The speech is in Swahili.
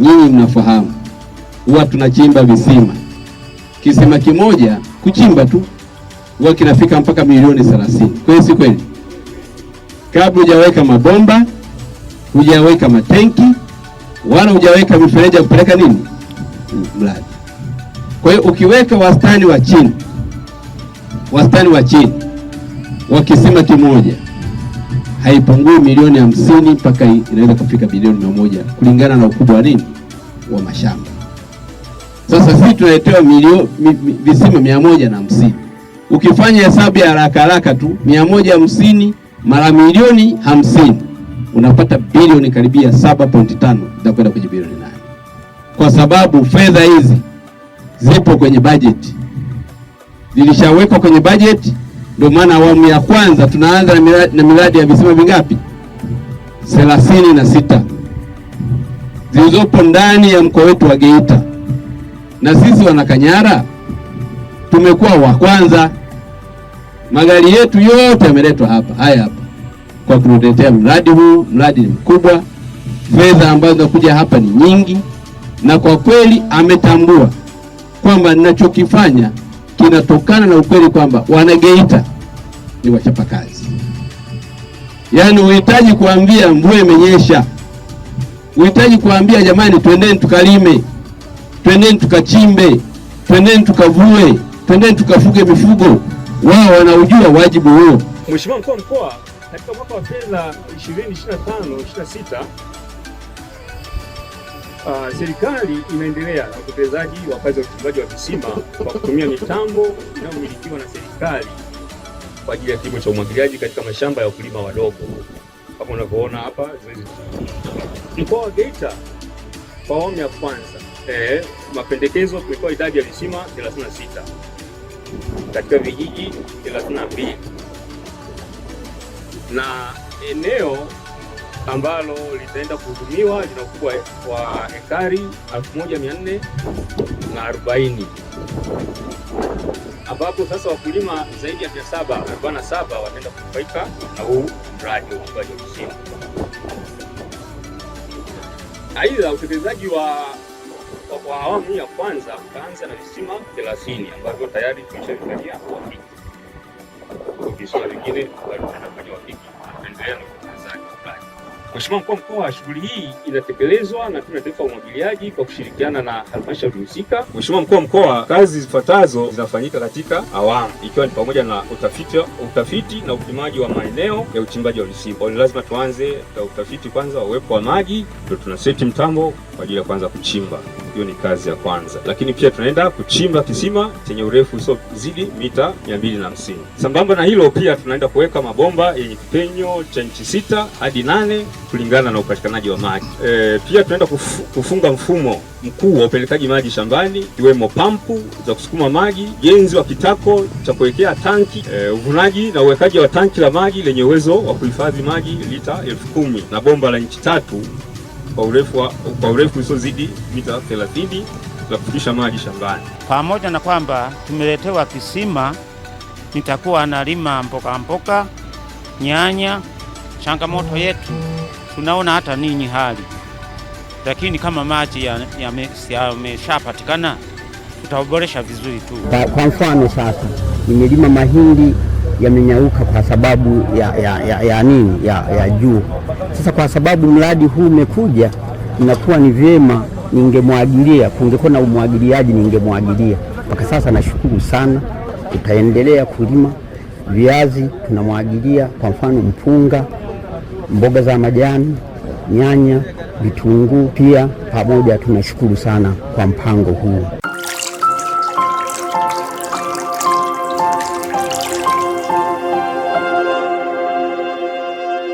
nyinyi mnafahamu, huwa tunachimba visima, kisima kimoja kuchimba tu huwa kinafika mpaka milioni 30. Kweli si kweli? Kabla hujaweka mabomba, hujaweka matenki, wala hujaweka mifereji ya kupeleka nini mradi. Kwa hiyo ukiweka wastani wa chini, wastani wa chini wa kisima kimoja haipungui milioni hamsini mpaka inaweza kufika bilioni mia moja kulingana na ukubwa wa nini wa mashamba. Sasa sisi tunaletewa visima mia moja na hamsini. Ukifanya hesabu ya haraka haraka tu mia moja hamsini mara milioni hamsini unapata bilioni karibia 7.5 zitakwenda kwenye bilioni nane, kwa sababu fedha hizi zipo kwenye bajeti, zilishawekwa kwenye bajeti. Ndio maana awamu ya kwanza tunaanza na miradi ya visima vingapi? thelathini na sita zilizopo ndani ya mkoa wetu wa Geita, na sisi Wanakanyara tumekuwa wa kwanza. Magari yetu yote yameletwa hapa, haya hapa kwa kutuletea mradi huu. Mradi ni mkubwa, fedha ambazo zinakuja hapa ni nyingi, na kwa kweli ametambua kwamba ninachokifanya kinatokana na ukweli kwamba wanageita ni wachapakazi, yaani uhitaji kuambia mvua imenyesha. Uhitaji kuambia jamani, twendeni tukalime, twendeni tukachimbe, twendeni tukavue, twendeni tukafuge mifugo. Wao wanaujua wajibu huo. Mheshimiwa Mkuu wa Mkoa, katika mwaka wa fedha 2025/26 uh, ah, serikali inaendelea na utekelezaji wa kazi ya uchimbaji wa visima kwa kutumia mitambo inayomilikiwa na serikali kwa ajili ya kilimo cha umwagiliaji katika mashamba ya wakulima wadogo, kama unavyoona hapa. Mkoa wa Geita kwa awamu ya kwanza eh, mapendekezo kulikuwa idadi ya visima 36 katika vijiji 32 na eneo ambalo litaenda kuhudumiwa lina ukubwa wa hekari 1440 ambapo sasa wakulima zaidi ya 747 wataenda kunufaika na huu mradi wa ufugaji wa visima. Aidha, utekelezaji wa kwa awamu ya kwanza ukaanza na visima 30 ambavyo tayari tumeshavifanyia Kwa Visima vingine bado tunafanya uhakiki, tunaendelea Mheshimiwa Mkuu wa Mkoa, shughuli hii inatekelezwa na Tume ya Taifa ya Umwagiliaji kwa kushirikiana na halmashauri husika. Mheshimiwa Mkuu wa Mkoa, kazi zifuatazo zinafanyika katika awamu, ikiwa ni pamoja na utafiti, utafiti na upimaji wa maeneo ya uchimbaji wa visima. Lazima tuanze na utafiti kwanza wa uwepo wa maji, ndio tuna seti mtambo kwa ajili ya kuanza kuchimba hiyo ni kazi ya kwanza, lakini pia tunaenda kuchimba kisima chenye urefu usiozidi mita 250. Sambamba na hilo, pia tunaenda kuweka mabomba yenye kipenyo cha inchi sita hadi nane kulingana na upatikanaji wa maji. E, pia tunaenda kufu, kufunga mfumo mkuu wa upelekaji maji shambani ikiwemo pampu za kusukuma maji, ujenzi wa kitako cha kuwekea tanki, e, uvunaji na uwekaji wa tanki la maji lenye uwezo wa kuhifadhi maji lita elfu kumi na bomba la inchi tatu kwa urefu kwa urefu usiozidi mita 30 za kufikisha maji shambani. Pamoja na kwamba tumeletewa kisima, nitakuwa nalima mboga mboga, nyanya. Changamoto yetu tunaona hata ninyi hali, lakini kama maji yameshapatikana ya tutaboresha vizuri tu. Kwa mfano sasa nimelima mahindi yamenyauka kwa sababu ya, ya, ya, ya nini ya, ya juu sasa kwa sababu mradi huu umekuja, inakuwa ni vyema ningemwagilia, kungekuwa na umwagiliaji ningemwagilia. Mpaka sasa nashukuru sana, tutaendelea kulima viazi, tunamwagilia kwa mfano mpunga, mboga za majani, nyanya, vitunguu pia pamoja. Tunashukuru sana kwa mpango huu.